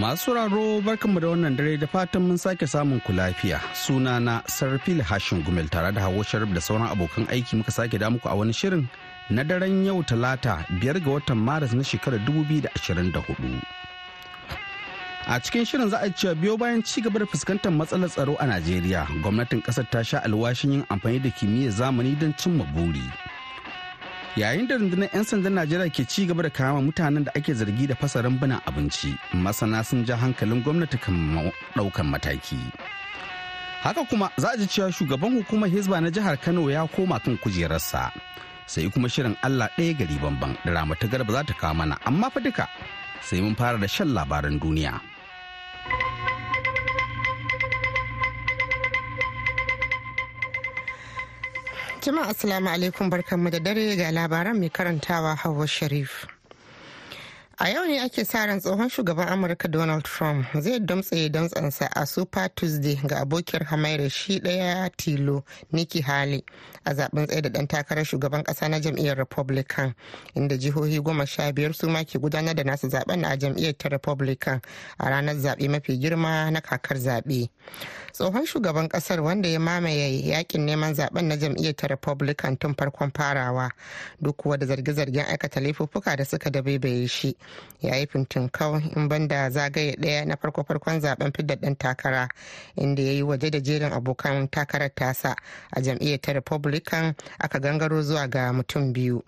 Masu raro barkanmu da wannan dare da fatan mun sake samun ku lafiya. Suna na Sarfil Hashin Gumel tare da Hawo Sharif da sauran abokan aiki muka sake da muku a wani shirin na daren yau Talata biyar ga watan Maris na shekarar 2024. A cikin shirin za a cewa biyo bayan ci gaba da fuskantar matsalar tsaro a Najeriya, gwamnatin kasar ta sha alwashin yin amfani da kimiyyar zamani don cimma buri. yayin da rundunar 'yan sandan najeriya ke ci gaba da kama mutanen da ake zargi da fasa rambunan abinci masana sun ja hankalin gwamnati kan daukan mataki haka kuma za ji cewa shugaban hukumar hizba na jihar kano ya koma kan kujerarsa sai kuma shirin allah ɗaya gari bamban da ramata garba za ta kawo mana amma fa duka sai mun fara da shan labaran duniya. jama'a assalamu alaikum barkanmu da dare ga labaran mai karantawa hawa sharif A yau ne ake sa ran tsohon shugaban Amurka Donald Trump zai damtse damtsensa a Super Tuesday ga abokiyar hamayar shi ɗaya tilo Nikki Haley a zaben tsaye da ɗan takarar shugaban ƙasa na jam'iyyar Republican inda jihohi goma sha biyar su ma ke gudanar da nasu zaben a jam'iyyar ta Republican a ranar zaɓe mafi girma na kakar zaɓe. Tsohon shugaban ƙasar wanda ya mamaye yakin neman zaben na jam'iyyar ta Republican tun farkon farawa duk kuwa da zarge-zargen aikata laifuffuka da suka dabaibaye shi. ya yi fintinkau in banda zagaye daya na farko-farkon zaben fidda ɗan takara inda ya yi waje da jerin abokan takarar tasa a jam'iyyar ta republican aka gangaro zuwa ga mutum biyu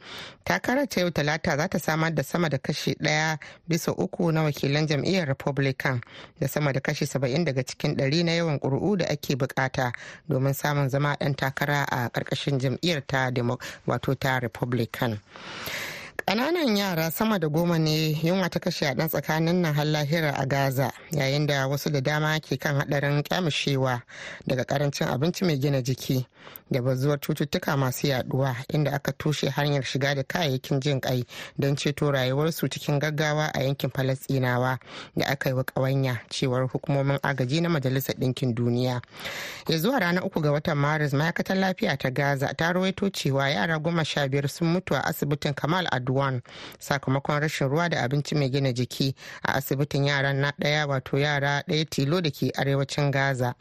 takarar ta yau talata za ta samar da sama da kashi daya bisa uku na wakilan jam'iyyar republican da sama da kashi saba'in daga cikin ɗari na yawan ƙuri'u da ake bukata domin samun zama dan takara a ƙarƙashin jam'iyyar ta wato ta republican Ƙananan yara sama da goma ne yunwa ta kashe a tsakanin nan har a Gaza yayin da wasu da dama ke kan haɗarin kyamushewa daga ƙarancin abinci mai gina jiki. da bazuwar cututtuka masu yaduwa inda aka tushe hanyar shiga da kayayyakin jin kai don ceto rayuwarsu cikin gaggawa a yankin falastinawa da aka yi wa ƙawanya cewar hukumomin agaji na majalisar ɗinkin duniya ya zuwa ranar uku ga watan maris ma'aikatar lafiya ta gaza ta rawaito cewa yara goma sha biyar sun mutu a asibitin kamal adwan sakamakon rashin ruwa da abinci mai gina jiki a asibitin yaran na ɗaya wato yara ɗaya tilo da ke arewacin gaza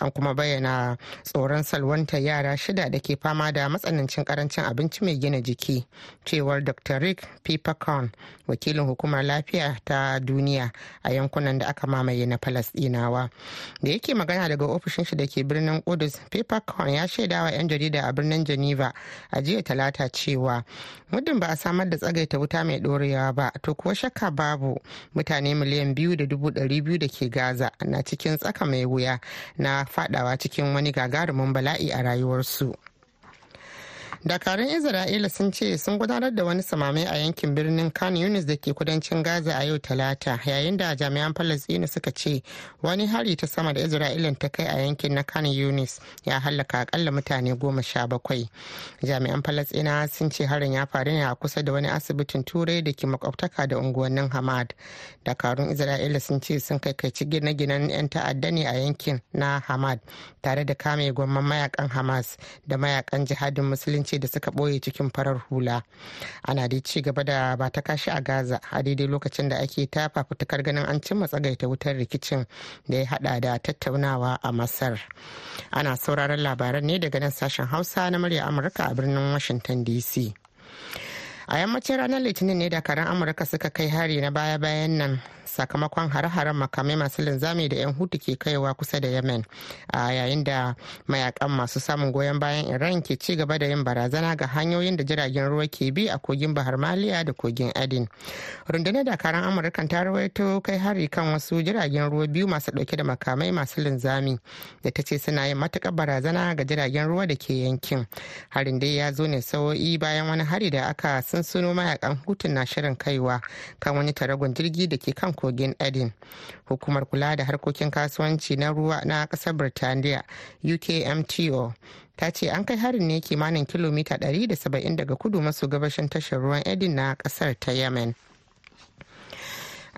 an kuma bayyana tsoron salwanta ɗaukar yara shida da ke fama da matsanancin karancin abinci mai gina jiki cewar dr rick pipacon wakilin hukumar lafiya ta duniya a yankunan da aka mamaye na falasɗinawa da yake magana daga ofishin shi da ke birnin kudus pipacon ya shaidawa 'yan jarida a birnin geneva a jiya talata cewa muddin ba a samar da tsagaita wuta mai ɗorewa ba to kuwa shakka babu mutane miliyan biyu da dubu ɗari biyu da ke gaza na cikin tsaka mai wuya na fadawa cikin wani gagarumin bala'i a rayuwarsu. dakarun isra'ila sun ce sun gudanar da wani samame a yankin birnin khan yunis da ke kudancin gaza a yau talata yayin da jami'an falastinu suka ce wani hari ta sama da isra'ilan ta kai a yankin na khan yunis ya hallaka akalla mutane goma sha bakwai jami'an falastina sun ce harin ya faru ne a kusa da wani asibitin turai da ke makwabtaka da unguwannin hamad dakarun isra'ila sun ce sun kai kai gine-ginen 'yan ta'adda ne a yankin na hamad tare da kame gwamman mayakan hamas da mayakan jihadin musulunci ce da suka ɓoye cikin farar hula ana dai ci gaba da ba ta kashi a gaza a daidai lokacin da ake ta fafutukar ganin an cimma ta wutar rikicin da ya haɗa da tattaunawa a masar ana sauraron labaran ne daga nan sashen hausa na murya amurka a birnin washington dc a yammacin ranar litinin ne dakarun amurka suka kai hari na baya-bayan nan sakamakon hare-haren makamai masu linzami da 'yan hutu ke kaiwa kusa da yemen a yayin da mayakan masu samun goyon bayan iran ke ci gaba da yin barazana ga hanyoyin da jiragen ruwa ke bi a kogin bahar maliya da kogin adin rundunar dakarun amurka ta rawaito kai hari kan wasu jiragen ruwa biyu masu dauke da makamai masu linzami da ta ce suna yin matukar barazana ga jiragen ruwa da ke yankin harin dai ya zo ne sa'o'i bayan wani hari da aka suno mayakan hutun na shirin kaiwa kan wani taragon jirgi da ke kan kogin edin hukumar kula da harkokin kasuwanci na ruwa na kasar birtaniya ukmto ta ce an kai harin ne kimanin kilomita 170 daga kudu maso gabashin tashar ruwan edin na kasar ta yemen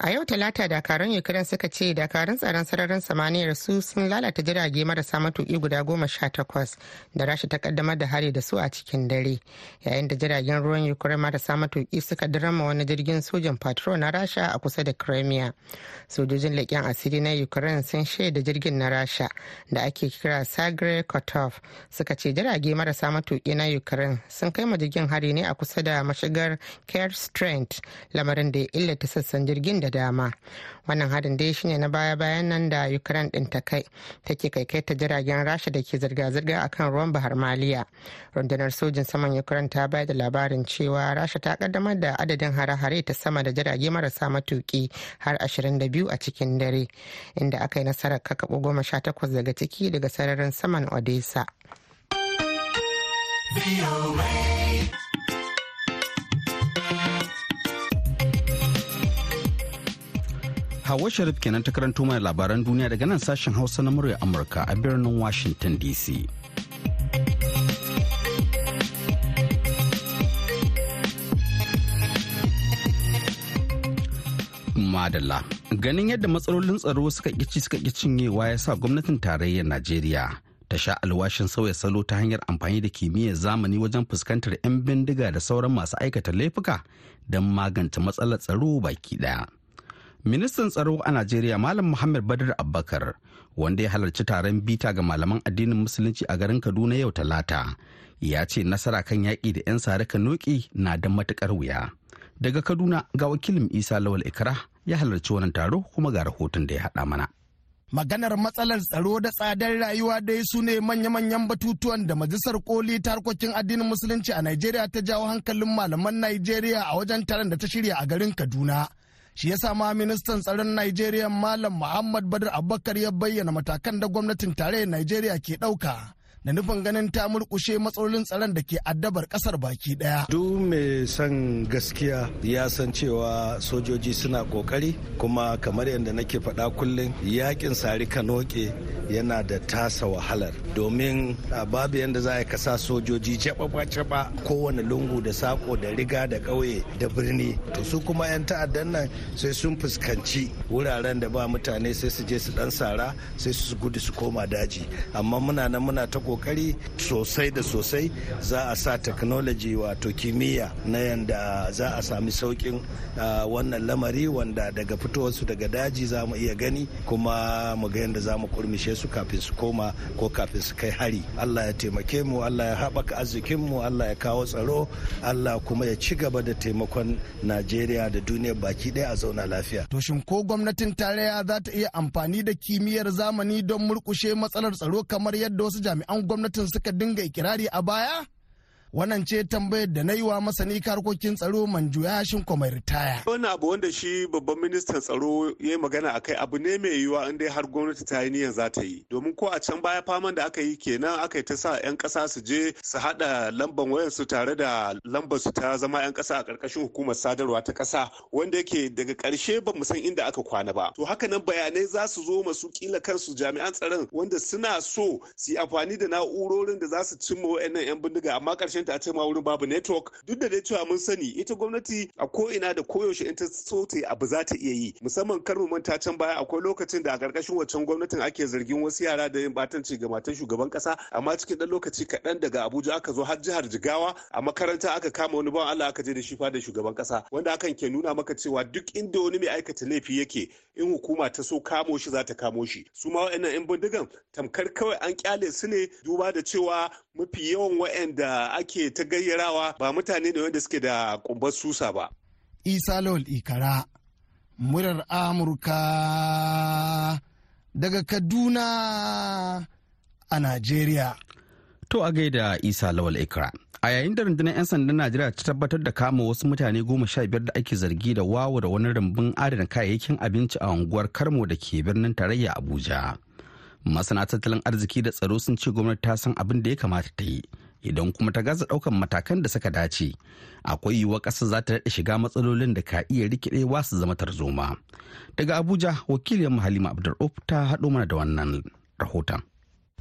a yau talata dakarun ukraine suka ce dakarun tsaron sararin samaniyar su sun lalata jirage marasa matuki guda goma sha takwas da rasha ta kaddamar da hari da su a cikin dare yayin da jiragen ruwan ukraine marasa matuki suka dirama wani jirgin sojan patro na rasha a kusa da crimea sojojin leƙen asiri na ukraine sun shaida jirgin na rasha da ake kira sagre kotov suka ce jirage marasa matuki na ukraine sun kai jirgin hari ne a kusa da mashigar care strength lamarin da ya illata sassan jirgin da da dama wannan harin dai shine na baya-bayan nan da ukraine din ta kai take kai ta jiragen rasha da ke zirga-zirga a kan ruwan bahar maliya rundunar sojin saman ukraine ta bayar da labarin cewa rasha ta kaddamar da adadin hare-hare ta sama da jirage marasa matuki har 22 a cikin dare inda aka yi nasarar kakabo goma sha takwas daga ciki daga sararin saman odessa Hawa Sharif kenan ta karanto mana labaran duniya daga nan sashen Hausa na murya Amurka a birnin Washington DC. Madalla. Ganin yadda matsalolin tsaro suka ƙici suka ƙi cinyewa ya sa gwamnatin tarayyar Najeriya ta sha alwashin sauya salo ta hanyar amfani da kimiyyar zamani wajen fuskantar 'yan bindiga da sauran masu aikata laifuka don magance matsalar tsaro baki ɗaya. ministan tsaro a najeriya malam muhammad badar abbakar wanda ya halarci taron bita ga malaman addinin musulunci a garin kaduna yau talata ya ce nasara kan yaƙi da 'yan sare kanoki na da matuƙar wuya daga kaduna ga wakilin isa lawal ikra ya halarci wannan taro kuma ga rahoton da ya haɗa mana maganar matsalar tsaro da tsadar rayuwa dai su ne manya-manyan batutuwan da majalisar koli ta harkokin addinin musulunci a Najeriya ta jawo hankalin malaman Najeriya a wajen taron da ta shirya a garin Kaduna shi yasa ma ministan tsaron Najeriya Malam Muhammad Badar Abubakar ya bayyana matakan da gwamnatin tarayyar Najeriya ke ɗauka. da nufin ganin ta murkushe matsalolin tsaron da ke addabar kasar baki daya. Duk mai son gaskiya ya san cewa sojoji suna kokari kuma kamar yadda nake faɗa kullum yakin sari ka noke yana da tasa wahalar domin babu yadda za a kasa sojoji caba-caba kowane lungu da sako da riga da ƙauye da birni to su kuma 'yan ta'addan nan sai sun fuskanci wuraren da ba mutane sai su je su ɗan sara sai su gudu su koma daji amma muna nan muna ta ƙoƙari sosai da sosai za a sa technology wato kimiyya na yanda za a sami saukin wannan lamari wanda daga fitowarsu daga daji za mu iya gani kuma mu ga yadda za mu kurmishe su kafin su koma ko kafin su kai hari allah ya taimake mu allah ya haɓaka arzikin mu allah ya kawo tsaro allah kuma ya ci gaba da taimakon najeriya da duniya baki ɗaya a zauna lafiya to shin ko gwamnatin tarayya za ta iya amfani da kimiyyar zamani don murkushe matsalar tsaro kamar yadda wasu jami'an gwamnatin suka dinga ikirari a baya wannan ce tambayar da na yi wa masani harkokin tsaro manjuya shin mai ritaya wannan abu wanda shi babban ministan tsaro ya yi magana akai abu ne mai yiwuwa in dai har gwamnati ta yi niyyar za ta yi domin ko a can baya faman da aka yi kenan aka yi ta sa 'yan kasa su je su haɗa lamban wayar su tare da lambar su ta zama 'yan kasa a ƙarƙashin hukumar sadarwa ta kasa wanda yake daga karshe ba mu san inda aka kwana ba to haka nan bayanai za su zo masu kila kansu jami'an tsaron wanda suna so su yi amfani da na'urorin da za su cimma wa'annan 'yan bindiga amma ƙarshe center a ce ma wurin babu network duk da dai cewa mun sani ita gwamnati a ko ina da koyaushe in ta so ta abu za ta iya yi musamman kar mu manta can baya akwai lokacin da a ƙarƙashin waccan gwamnatin ake zargin wasu yara da yin batanci ga matan shugaban kasa amma cikin dan lokaci kaɗan daga Abuja aka zo har jihar Jigawa a makaranta aka kama wani ban Allah aka je da shi da shugaban ƙasa wanda hakan ke nuna maka cewa duk inda wani mai aikata laifi yake in hukuma ta so kamo shi za ta kamo shi su ma wa'annan 'yan bindigan tamkar kawai an kyale su ne duba da cewa mafi yawan waɗanda ake ta gayyarawa ba mutane da wanda suke da kumbar susa ba. Isa Lawal Ikara, murar Amurka daga Kaduna a Najeriya. To a gaida Isa Lawal Ikara. A yayin da rundunar 'yan sandan Najeriya ta tabbatar da kama wasu mutane goma sha biyar da ake zargi da wawo da wani rumbun adana kayayyakin abinci a unguwar Karmo da ke birnin tarayya Abuja. masana tattalin arziki da tsaro sun ce gwamnati ta san abin da ya kamata ta yi idan kuma ta gaza daukan matakan da suka dace akwai yiwuwar ƙasa za ta daɗe shiga matsalolin da ka iya rikidewa su zama tarzoma daga abuja wakilin halima abdul ta haɗo mana da wannan rahoton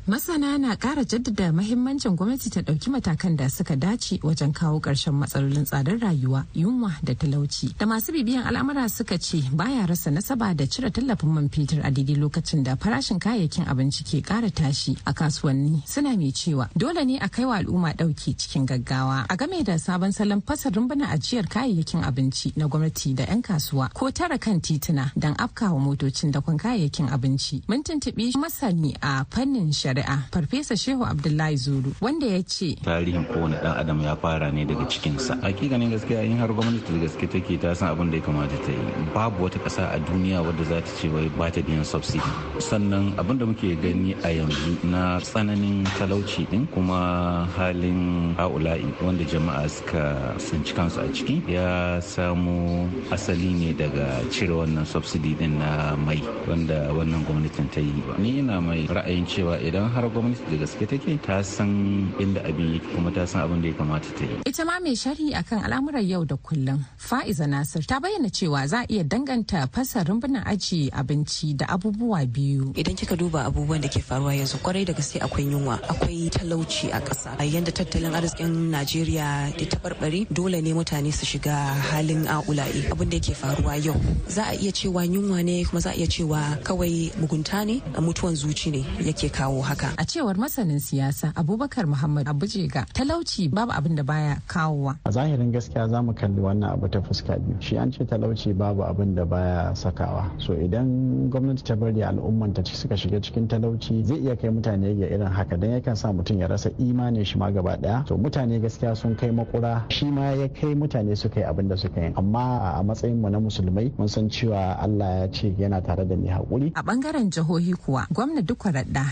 masana na kara jaddada mahimmancin gwamnati ta ɗauki matakan da suka dace wajen kawo ƙarshen matsalolin tsadar rayuwa yunwa da talauci da masu bibiyan al'amura suka ce baya rasa nasaba da cire tallafin man fetur a daidai lokacin da farashin kayayyakin abinci ke ƙara tashi a kasuwanni suna mai cewa dole ne a kaiwa al'umma ɗauki cikin gaggawa a game da sabon salon fasa rumbuna ajiyar kayayyakin abinci na gwamnati da 'yan kasuwa ko tara kan tituna don afkawa motocin dakon kayayyakin abinci mun tuntuɓi masani a fannin shari'a shari'a farfesa shehu abdullahi zuru wanda ya ce tarihin kowane dan adam ya fara ne daga cikinsa hakikanin gaskiya in har gwamnati da gaske take ta san abin da ya kamata ta yi babu wata ƙasa a duniya wadda za ta ce wai bata biyan subsidy sannan abin da muke gani a yanzu na tsananin talauci din kuma halin haula'i wanda jama'a suka tsinci kansu a ciki ya samu asali ne daga cire wannan subsidy din na mai wanda wannan gwamnatin ta yi ni ina mai ra'ayin cewa idan don har gwamnati da gaske take ta san inda abin yake kuma ta san abin da ya kamata ta yi ita ma mai sharhi akan al'amuran yau da kullum fa'iza nasir ta bayyana cewa za a iya danganta fasa rumbunan aji abinci da abubuwa biyu idan kika duba abubuwan da ke faruwa yanzu kwarai da gaske akwai yunwa akwai talauci a ƙasa yanda tattalin arzikin najeriya ya taɓarɓare dole ne mutane su shiga halin aula'i abin da ke faruwa yau za a iya cewa yunwa ne kuma za a iya cewa kawai mugunta ne a mutuwan zuci ne yake kawo haka haka a cewar masanin siyasa abubakar muhammad abujega talauci babu abin da baya kawowa a zahirin gaskiya za mu kalli wannan abu ta fuska biyu shi an ce talauci babu abin da baya sakawa so idan gwamnati ta bari al'umman ta suka shiga cikin talauci zai iya kai mutane ga irin haka dan yakan sa mutum ya rasa imanin shi ma gaba daya to mutane gaskiya sun kai makura shi ma ya kai mutane suka yi abin da suka yi amma a matsayin mu na musulmai mun san cewa Allah ya ce yana tare da ni hakuri a bangaren jihohi kuwa gwamnati duk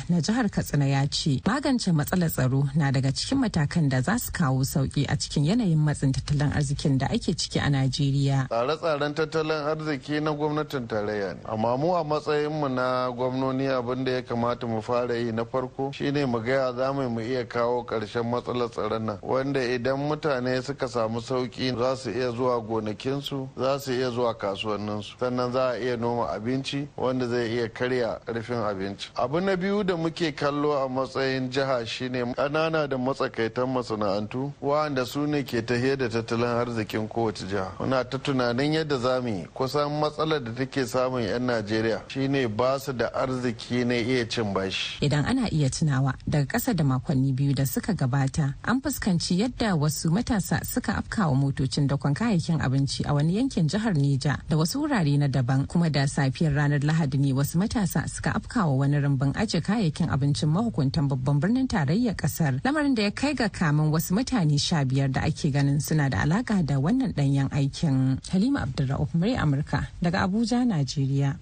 na jihar jihar katsina ya ce magance matsalar tsaro na daga cikin matakan da za su kawo sauki a cikin yanayin matsin tattalin arzikin da ake ciki a najeriya tsare-tsaren tattalin arziki na gwamnatin tarayya ne amma mu a matsayin mu na gwamnoni abin da ya kamata mu fara yi na farko shine mu gaya za mu iya kawo ƙarshen matsalar tsaron nan wanda idan mutane suka samu sauki za su iya zuwa gonakinsu za su iya zuwa kasuwanninsu sannan za a iya noma abinci wanda zai iya karya karfin abinci abu na biyu da muke kallo a matsayin jiha shine kanana da matsakaitan masana'antu wanda su ne ke tafiye da tattalin arzikin kowace jiha muna ta tunanin yadda za mu yi kusan matsalar da take samun 'yan najeriya shine ba su da arziki na iya cin bashi idan ana iya tunawa daga ƙasa da makonni biyu da suka gabata an fuskanci yadda wasu matasa suka afkawa motocin dakon kayayyakin abinci a wani yankin jihar nija da wasu wurare na daban kuma da safiyar ranar lahadi ne wasu matasa suka afkawa wani rumbun ajiye kayayyakin abinci abincin mahukuntan babban birnin tarayyar kasar lamarin da ya kai ga kamun wasu mutane sha biyar da ake ganin suna da alaka da wannan danyen aikin halima abdulra'uf murya amurka daga abuja najeriya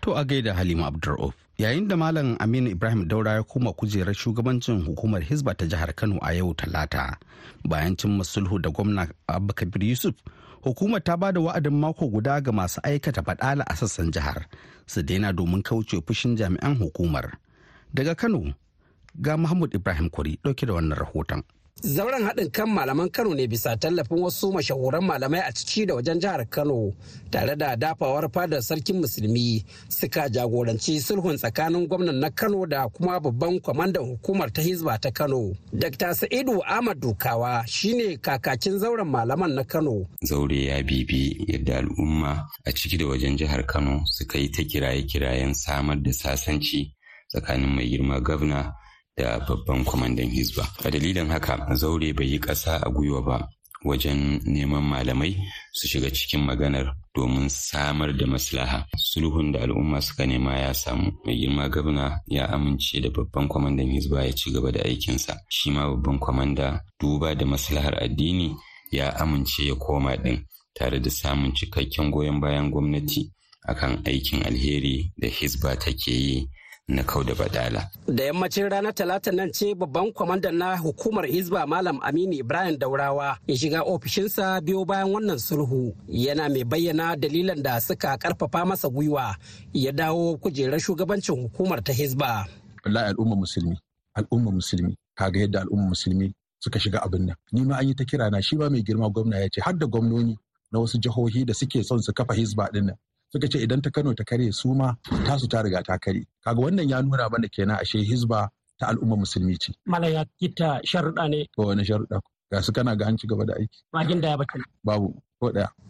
to a gaida halima abdulra'uf yayin da malam aminu ibrahim daura ya koma kujerar shugabancin hukumar hisba ta jihar kano a yau talata bayan cin sulhu da gwamna abubakar yusuf hukumar ta ba da wa'adin mako guda ga masu aikata fadala a sassan jihar su daina domin kauce fushin jami'an hukumar daga kano ga mahmud ibrahim kwari ɗauke da wannan rahoton Zauren haɗin kan malaman Kano ne bisa tallafin wasu mashahuran malamai a ciki da wajen jihar Kano tare da dafawar fadar sarkin musulmi suka jagoranci sulhun tsakanin gwamnan na Kano da kuma babban kwamandan hukumar ta Hizba ta Kano. Dr. Sa'idu Ahmad Dukawa shine kakakin zauren malaman na Kano. Zaure ya bibi yadda al'umma a ciki da wajen jihar Kano suka yi ta kiraye-kirayen samar da sasanci tsakanin mai girma gavna da babban kwamandan hizba a dalilin haka zaure bai yi ƙasa a gwiwa ba wajen neman malamai su shiga cikin maganar domin samar da maslaha sulhun da al'umma suka nema ya samu mai girma gabna ya amince da babban kwamandan hizba ya ci gaba da aikinsa shi ma babban kwamanda duba da maslahar addini ya amince ya koma ɗin tare da samun cikakken goyon bayan gwamnati akan aikin alheri da hizba take yi na kau da badala. Da yammacin ranar talata nan ce babban kwamandan na hukumar Hizba Malam Aminu Ibrahim Daurawa ya shiga ofishinsa biyo bayan wannan sulhu yana mai bayyana dalilan da suka karfafa masa gwiwa ya dawo kujerar shugabancin hukumar ta Hizba. Wallahi al'umma musulmi, al'umma musulmi, kaga yadda al'umma musulmi suka shiga abin nan. Ni ma an yi ta kira na shi ba mai girma gwamna ya ce har da gwamnoni na wasu jihohi da suke son su kafa Hizba dinnan. suka ce idan ta Kano ta karye su ma tasu ta riga ta karye kaga wannan ya nuna mana kenan ashe hizba ta al'umma musulmi ce malaya kita sharuɗa ne ko wani sharuɗa ga su kana ga an ci gaba da aiki magin da ya bakin babu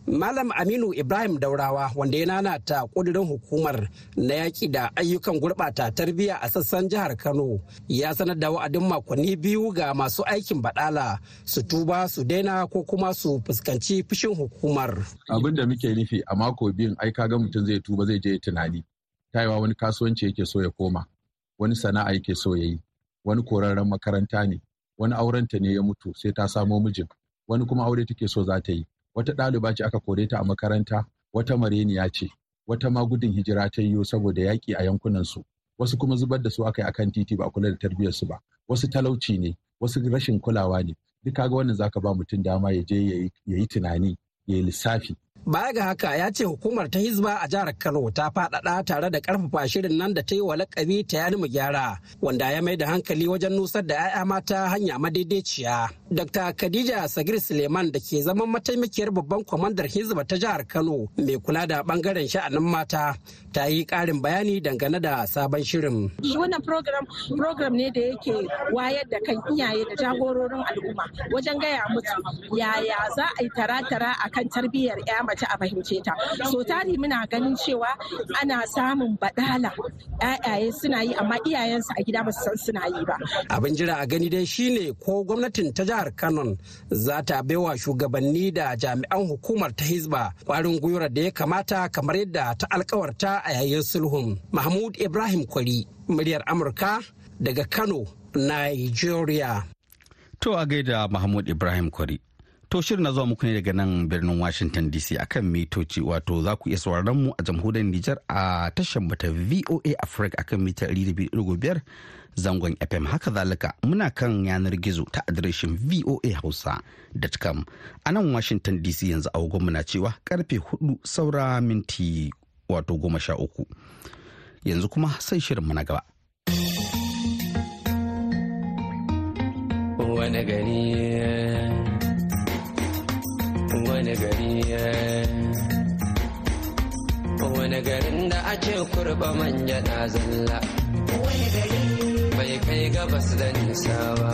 Malam Aminu Ibrahim Daurawa wanda ya nana ta kudirin hukumar na yaƙi da ayyukan gurɓata tarbiyya a sassan jihar Kano ya sanar da wa'adin makonni biyu ga masu aikin baɗala su tuba su daina ko kuma su fuskanci fushin hukumar. Abin da muke nufi a mako biyun ai kaga mutum zai tuba zai je tunani. Tayewa wani kasuwanci yake so ya koma, wani sana'a yake so ya yi, wani korarren makaranta ne, wani aurenta ne ya mutu sai ta samo mijin, wani kuma aure take so za ta yi. wata ɗaliba ce aka kore ta a makaranta wata mareniya ce wata ma gudun hijira ta yiwu saboda yaƙi a yankunan su wasu kuma zubar da su aka yi kan titi ba a kula da tarbiyyar su ba wasu talauci ne wasu rashin kulawa ne duk kaga wannan zaka ba mutum dama ya je ya yi tunani ya yi lissafi baya ga haka ya ce hukumar ta hizba a jihar kano ta faɗaɗa tare da karfafa shirin nan da ta yi wa lakabi ta yani gyara wanda ya mai da hankali wajen nusar da 'ya'ya mata hanya madaidaiciya Dr. Khadija Sagir Suleiman da ke zaman mataimakiyar babban kwamandar Hizba ta jihar Kano mai kula da bangaren sha'anin mata ta yi karin bayani dangane da sabon shirin. Wannan program program ne da yake wayar da kan iyaye da jagororin al'umma wajen gaya musu yaya za a yi taratara a kan tarbiyyar ya mace a fahimce ta. So tari muna ganin cewa ana samun badala yayaye suna yi amma iyayensu a gida ba su san suna yi ba. Abin jira a gani dai shine ko gwamnatin ta jihar jihar Kano za ta baiwa shugabanni da jami'an hukumar ta Hizba kwarin gwiwar da ya kamata kamar yadda ta alkawarta a yayin sulhun. Mahmud Ibrahim Kwari, muryar Amurka daga Kano, Nigeria. To a gaida Mahmud Ibrahim Kwari. To shirin na zuwa muku ne daga nan birnin Washington DC akan mitoci wato za ku iya sauraron mu a jamhuriyar Nijar a tashar mata VOA Africa akan mita 200.5 zangon FM haka zalika muna kan yanar gizo ta adireshin VOA Hausa.com a nan Washington DC yanzu a muna cewa karfe 4 saura minti wato 13 yanzu kuma sai shirin mu na gaba. Wani gani wani gari eh. wani garin da ake kurba manya na zalla bai kai gabas da nisa ba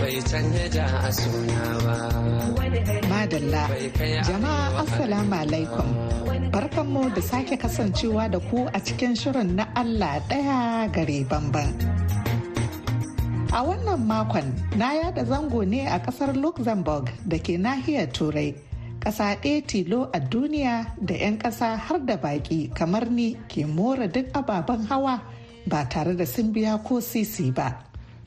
bai canja a suna ba madalla jama'a assalamu alaikum barkanmu da sake kasancewa da ku a cikin shirin na allah ɗaya gare bamban A wannan makon na yada zango ne a kasar Luxembourg da ke nahiyar Turai. Ƙasa ɗaya tilo a duniya da 'yan ƙasa har da baƙi kamar ni ke mora duk ababen hawa ba tare da sun biya ko sisi ba.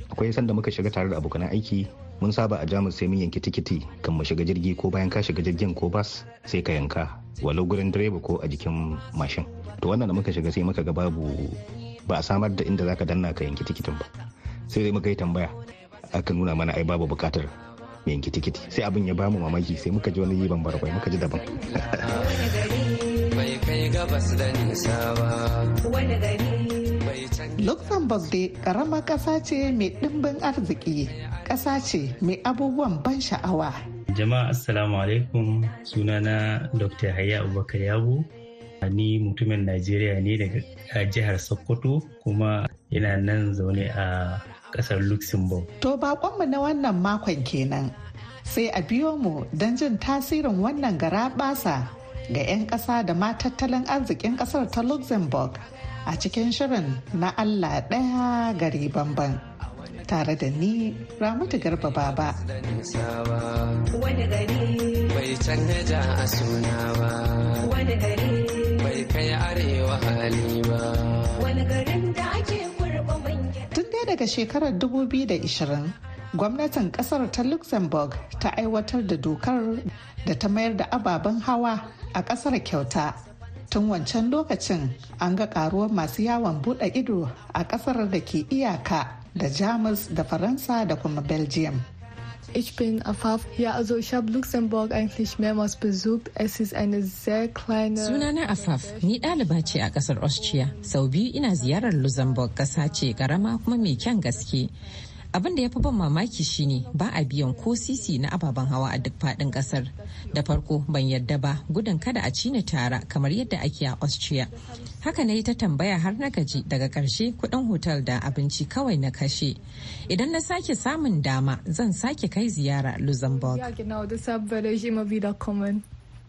Akwai sanda muka shiga tare da abokan aiki mun saba a jamus sai mun yanki tikiti kan mu shiga jirgi ko bayan ka shiga jirgin ko bas sai ka yanka walau gurin direba ko a jikin mashin to wannan da muka shiga sai muka ga babu ba a samar da inda zaka danna ka yanki tikitin ba sai dai muka yi tambaya aka nuna mana ai babu bukatar mai kiti-kiti sai abin ya bamu mamaki sai muka ji wani yiban barbai muka ji daban Luxembourg dai karama ƙasa ce mai ɗimbin arziki, ƙasa ce mai abubuwan ban sha'awa. Jama'a Assalamu alaikum sunana Dr. Hayya Abubakar Yabo. Ni mutumin Najeriya ne daga jihar Sokoto kuma yana nan zaune a kasar luxembourg to bakonmu na wannan makon kenan sai a biyo mu don jin tasirin wannan gara basa ga 'yan ƙasa da ma tattalin arzikin ƙasar ta luxembourg a cikin shirin na allah ɗaya gari bamban tare da ni ramatu garba baba wani gari bai canja a suna ba wani gari bai kai arewa hali ba wani gari daga shekarar 2020 gwamnatin kasar ta luxembourg ta aiwatar da dokar da ta mayar da ababen hawa a kasar kyauta tun wancan lokacin an ga karuwar masu yawon bude ido a kasar da ke iyaka da jamus da faransa da kuma belgium Ich bin Afaf. Ja, also ich habe Luxemburg eigentlich mehrmals besucht. Es ist eine sehr kleine. Sunana Afaf, ni ɗaliba ce a ƙasar Austria. Sau biyu ina ziyarar Luxemburg ƙasa ce ƙarama kuma mai kyan gaske. abin da ya fi ban mamaki shine ba a biyan ko sisi na ababen hawa a duk fadin kasar da farko ban yadda ba gudun kada a cina tara kamar yadda ake a austria haka na yi ta tambaya har na gaji daga karshe kudin hotel da abinci kawai na kashe idan na sake samun dama zan sake kai ziyara luxembourg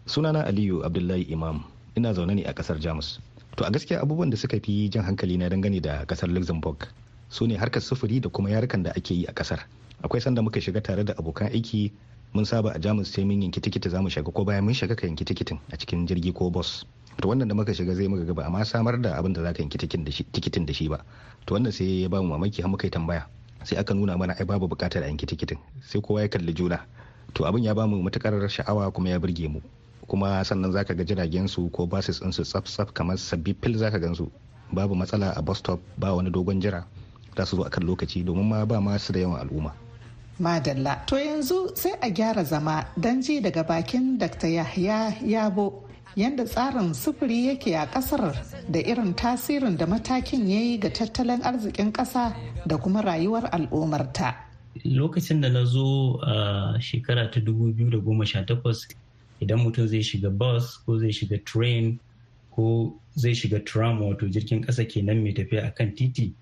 sunana aliyu abdullahi imam ina zaune ne a kasar jamus to a gaskiya abubuwan da suka fi jan hankali na dangane da kasar luxembourg su ne harkar sufuri da kuma yarukan da ake yi a kasar akwai sanda muka shiga tare da abokan aiki mun saba a jamus sai mun yanki tikiti za mu shiga ko bayan mun shiga ka yanki tikitin a cikin jirgi ko bus to wannan da muka shiga zai muka gaba amma samar da abin da za ka yanki tikitin da shi ba to wannan sai ya ba mu mamaki har muka yi tambaya sai aka nuna mana ai babu bukatar a yanki tikitin sai kowa ya kalli juna to abin ya ba mu matukar sha'awa kuma ya burge mu kuma sannan zaka ga jiragen su ko basis din su tsaf tsaf kamar sabbi fil zaka gan su babu matsala a bus stop ba wani dogon jira za su zo akan lokaci domin ma ba ma su da yawan al'umma madalla to yanzu sai a gyara zama don ji daga bakin dr yahya yabo yadda tsarin sufuri yake a kasar da irin tasirin da matakin ya yi ga tattalin arzikin kasa da kuma rayuwar al'ummarta. lokacin da na zo a shekara ta 2018 idan mutum zai shiga bus ko zai shiga train ko zai shiga tram wato jirgin kasa kenan mai tafiya akan titi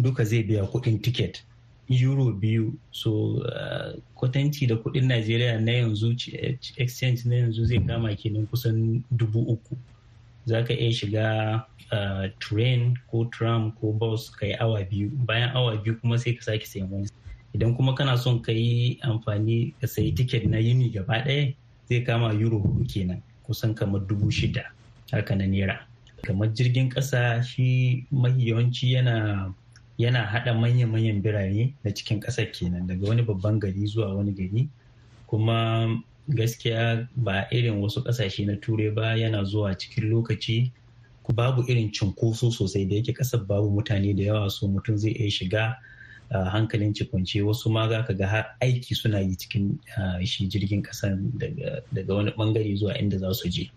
duka zai biya kuɗin tiket euro biyu so uh, kwatanci da kuɗin najeriya na yanzu exchange na yanzu zai kama kenan kusan dubu uku za ka iya shiga uh, train ko tram ko bus ka yi awa biyu bayan awa biyu kuma sai ka sake sayan wani idan kuma kana son ka yi amfani ka sayi tiket na yini gaba ɗaya zai kama euro hudu kenan kusan kamar dubu shida haka na naira kamar jirgin ƙasa shi mahi yawanci yana yana haɗa manya-manyan birane na cikin ƙasar kenan daga wani babban gari zuwa wani gari kuma gaskiya ba irin wasu ƙasashe na turai ba yana zuwa cikin lokaci babu irin cunkoso sosai da yake ƙasar babu mutane da yawa so mutum zai iya shiga hankalin cikunce wasu ma za ka ga har aiki suna yi cikin shi jirgin ƙasar daga wani bangare zuwa inda za su je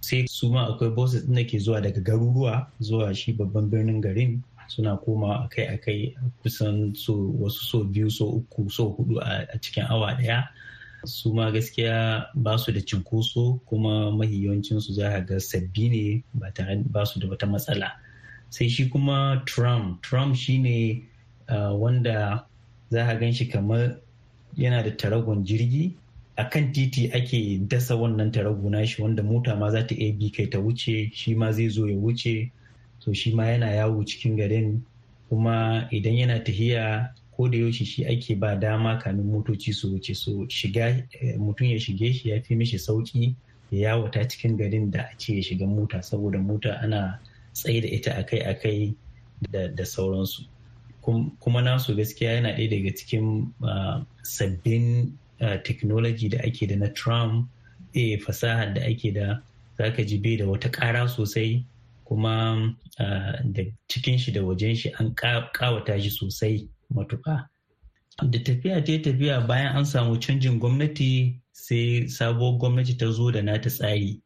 sai su ma akwai bosses da ke zuwa daga garuruwa zuwa shi babban birnin garin suna koma akai-akai kusan so wasu so biyu so uku so hudu a cikin awa daya su ma gaskiya ba su da cinkoso kuma mahi za za ga sabbi ne ba tare ba su da wata matsala sai shi kuma trump trump shine wanda za a gan shi kamar yana da taragon jirgi a kan titi ake dasa wannan tarago shi wanda mota ma za ta iya bi kai ta wuce shi ma zai zo ya wuce to shi ma yana yawo cikin garin kuma idan yana tahiya ko da yaushe shi ake ba dama kamin motoci su wuce su shiga eh, mutum ya shige shi ya fi mishi sauki ya yawata cikin garin da a ce ya shiga mota saboda mota ana tsaye da ita akai-akai da sauransu kuma nasu gaskiya yana ɗaya daga cikin ah, sabbin ah, technology da ake da na tram eh, fasahar da ake da zaka ji bai da wata ƙara sosai kuma ah, da cikin shi da wajen shi an kawata shi sosai matuƙa da tafiya ta tafiya bayan an samu canjin gwamnati sai sabuwar gwamnati ta zo da nata tsari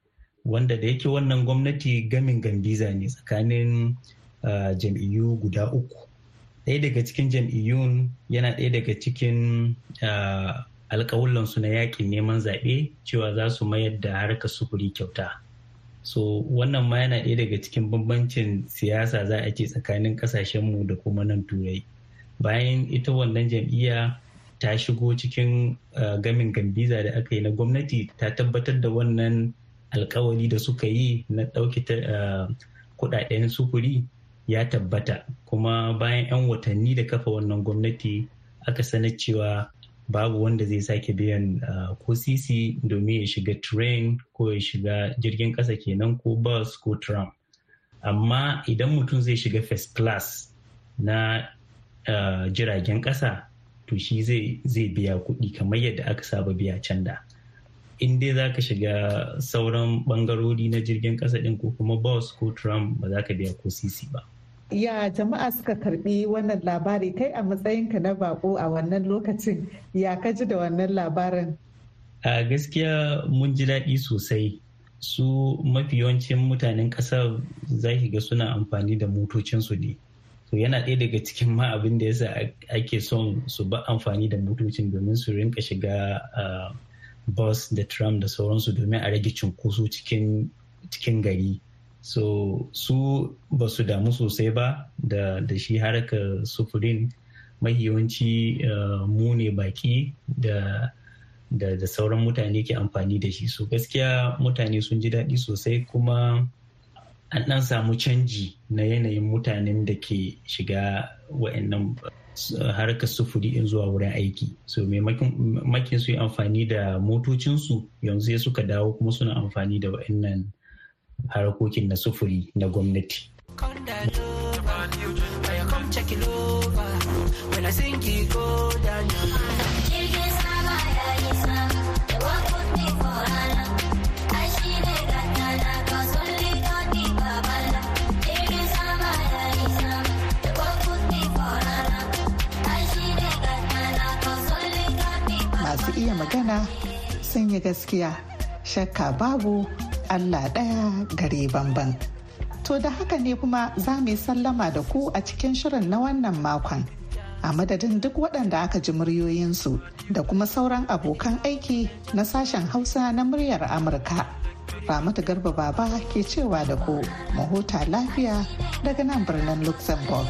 wanda da yake wannan gwamnati gamin gambiza ne tsakanin ah, jam'iyyu guda uku ɗaya daga cikin jam'iyyun yana ɗaya daga cikin ah, alƙawullansu na yakin neman zaɓe cewa za su mayar da harkar sufuri kyauta so wannan ma yana ɗaya daga cikin bambancin siyasa za a ce tsakanin ƙasashenmu da kuma nan turai bayan ita wannan jam'iyya ta shigo cikin gamin gambiza da aka yi na gwamnati ta tabbatar da wannan alkawari da suka yi na ɗauki kuɗaɗen sufuri ya tabbata kuma bayan 'yan watanni da kafa wannan gwamnati aka sanar cewa babu wanda zai sake biyan ah, ko sisi domin ya shiga train ko ya shiga jirgin ƙasa kenan ko bus ko tram amma idan mutum zai shiga first class na ah, jiragen ƙasa to shi zai biya kuɗi kamar yadda aka saba biya can in dai za ka shiga sauran bangarori na jirgin ƙasa ɗin ko kuma bus ko tram ba za ka biya ko sisi ba ya jama'a suka karbi wannan labari kai a matsayinka na bako a wannan lokacin ya ka ji da wannan labarin a gaskiya mun ji daɗi sosai su mafi yawancin mutanen ƙasar za ki ga suna amfani da motocinsu ne to yana ɗaya daga cikin ma abin da yasa ake son su ba amfani da motocin domin su rinka shiga bus da tram da sauransu domin a rage cunkoso cikin gari so su ba su damu sosai ba da, da shi harkar sufurin mahiyawanci uh, eh, mu ne baki da da, da sauran mutane ke amfani da shi so gaskiya mutane sun ji daɗi sosai kuma an ɗan samu canji na yanayin mutanen da ke shiga wa'annan eh, harkar sufuri in zuwa wurin aiki so maimakin su yi amfani da motocinsu yanzu ya suka dawo kuma suna amfani da wa'annan harkokin na sufuri na gwamnati. masu iya magana sun yi gaskiya shakka babu Allah ɗaya gare bamban. To da haka ne kuma za mu yi sallama da ku a cikin shirin na wannan makon. A madadin duk waɗanda aka ji muryoyinsu da kuma sauran abokan aiki na sashen Hausa na muryar Amurka. Ramatu Garba Baba ke cewa da ku, mu lafiya daga nan birnin Luxembourg.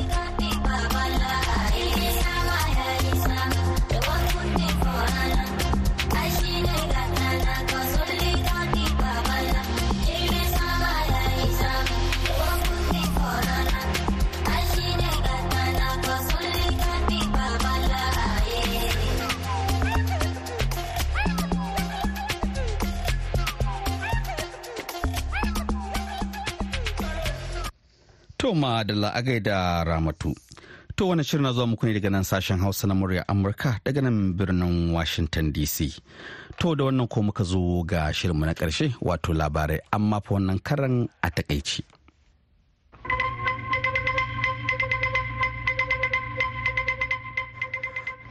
To ma da la'agai da ramatu. To wani shirin na zuwa muku ne daga nan sashen Hausa na murya Amurka daga nan birnin Washington DC. To da wannan ko muka zo ga shirinmu na ƙarshe wato labarai amma fa wannan karan a takaici.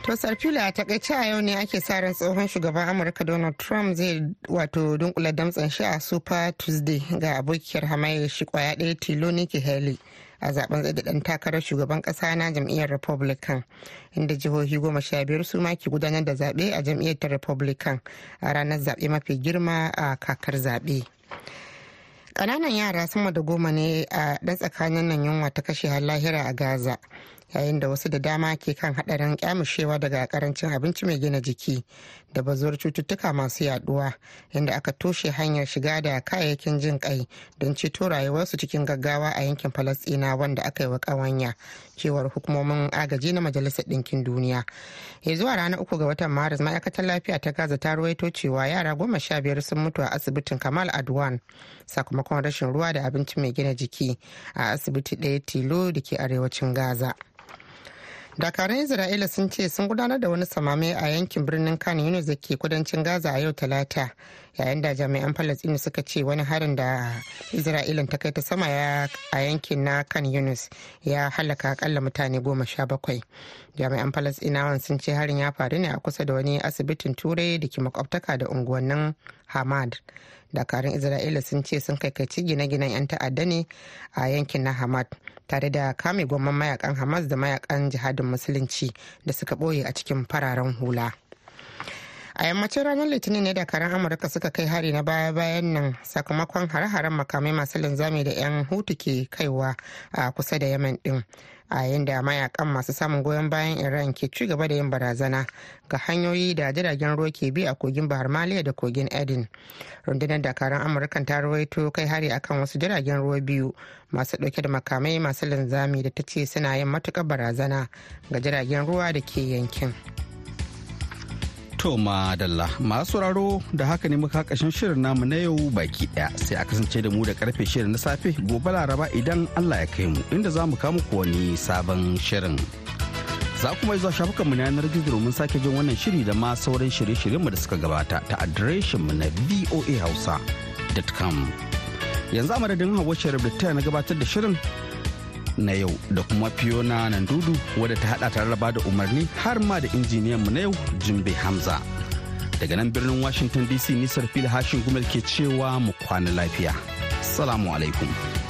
To Sarfila a takaice a yau ne ake sa ran tsohon shugaban Amurka Donald Trump zai wato dunkula damtsan shi a Super Tuesday ga abokiyar hamayya shi kwaya ɗaya tilo Nikki Haley a zaben ɗan takarar shugaban ƙasa na jam'iyyar Republican inda jihohi goma sha biyar su ma ke gudanar da zaɓe a jam'iyyar ta Republican a ranar zaɓe mafi girma a kakar zaɓe. Ƙananan yara sama da goma ne a ɗan tsakanin nan yunwa ta kashe har lahira a Gaza. yayin da wasu da dama ke kan hadarin kyamushewa daga karancin abinci mai gina jiki da bazuwar cututtuka masu yaduwa inda aka toshe hanyar shiga da kayayyakin jin kai don ceto rayuwarsu cikin gaggawa a yankin falasina wanda aka yi wa kawanya cewar hukumomin agaji na majalisar ɗinkin duniya ya zuwa ranar uku ga watan maris ma'aikatar lafiya ta gaza ta ruwaito cewa yara goma sha biyar sun mutu a asibitin kamal adwan sakamakon rashin ruwa da abinci mai gina jiki a asibiti ɗaya tilo da ke arewacin gaza dakarun isra'ila sun ce sun gudanar da wani samame a yankin birnin kan yunus da ke kudancin gaza a yau talata yayin da jami'an falastinu suka ce wani harin da isra'ila ta kai ta sama a yankin na kan yunus ya halaka akalla mutane goma sha bakwai jami'an falastinawan sun ce harin ya faru ne a kusa da wani asibitin turai da ke makwabtaka da unguwannin hamad dakarun isra'ila sun ce sun kaikaici gine-ginen 'yan ta'adda ne a yankin na hamad tare da kame gwamman mayakan hamas da mayakan jihadin musulunci da suka boye a cikin fararen hula a yammacin ranar litinin ne dakarun amurka suka kai hari na baya-bayan nan sakamakon hare-haren makamai masu linzami da 'yan hutu ke kaiwa a kusa da yamen din a yayin da mayakan masu samun goyon bayan iran ke ci gaba da yin barazana ga hanyoyi da jiragen ruwa ke bi a kogin bahar maliya da kogin edin rundunar dakaran amurka ta rawaito kai hari akan wasu jiragen ruwa biyu masu dauke da makamai masu linzami da ta ce suna yin matukar barazana ga jiragen ruwa da ke yankin. To madalla masu sauraro da haka ne muka kashin shirin namu na yau baki daya sai a kasance da mu da karfe shirin na safe gobe laraba idan Allah ya kai mu inda za mu kama ku wani sabon shirin. Za kuma zuwa shafukan mu na yanar gizo domin sake jin wannan shiri da ma sauran shirye-shiryen mu da suka gabata ta adireshin mu na voa hausa.com. Yanzu a madadin hawa shirin da ta na gabatar da shirin na yau da kuma Fiona Nandudu wadda ta hada tare da da umarni har ma da injiniyan mu na yau jimbe Hamza. Daga nan birnin Washington DC nisar fil hashin gumel ke cewa mu kwana lafiya. Salamu alaikum.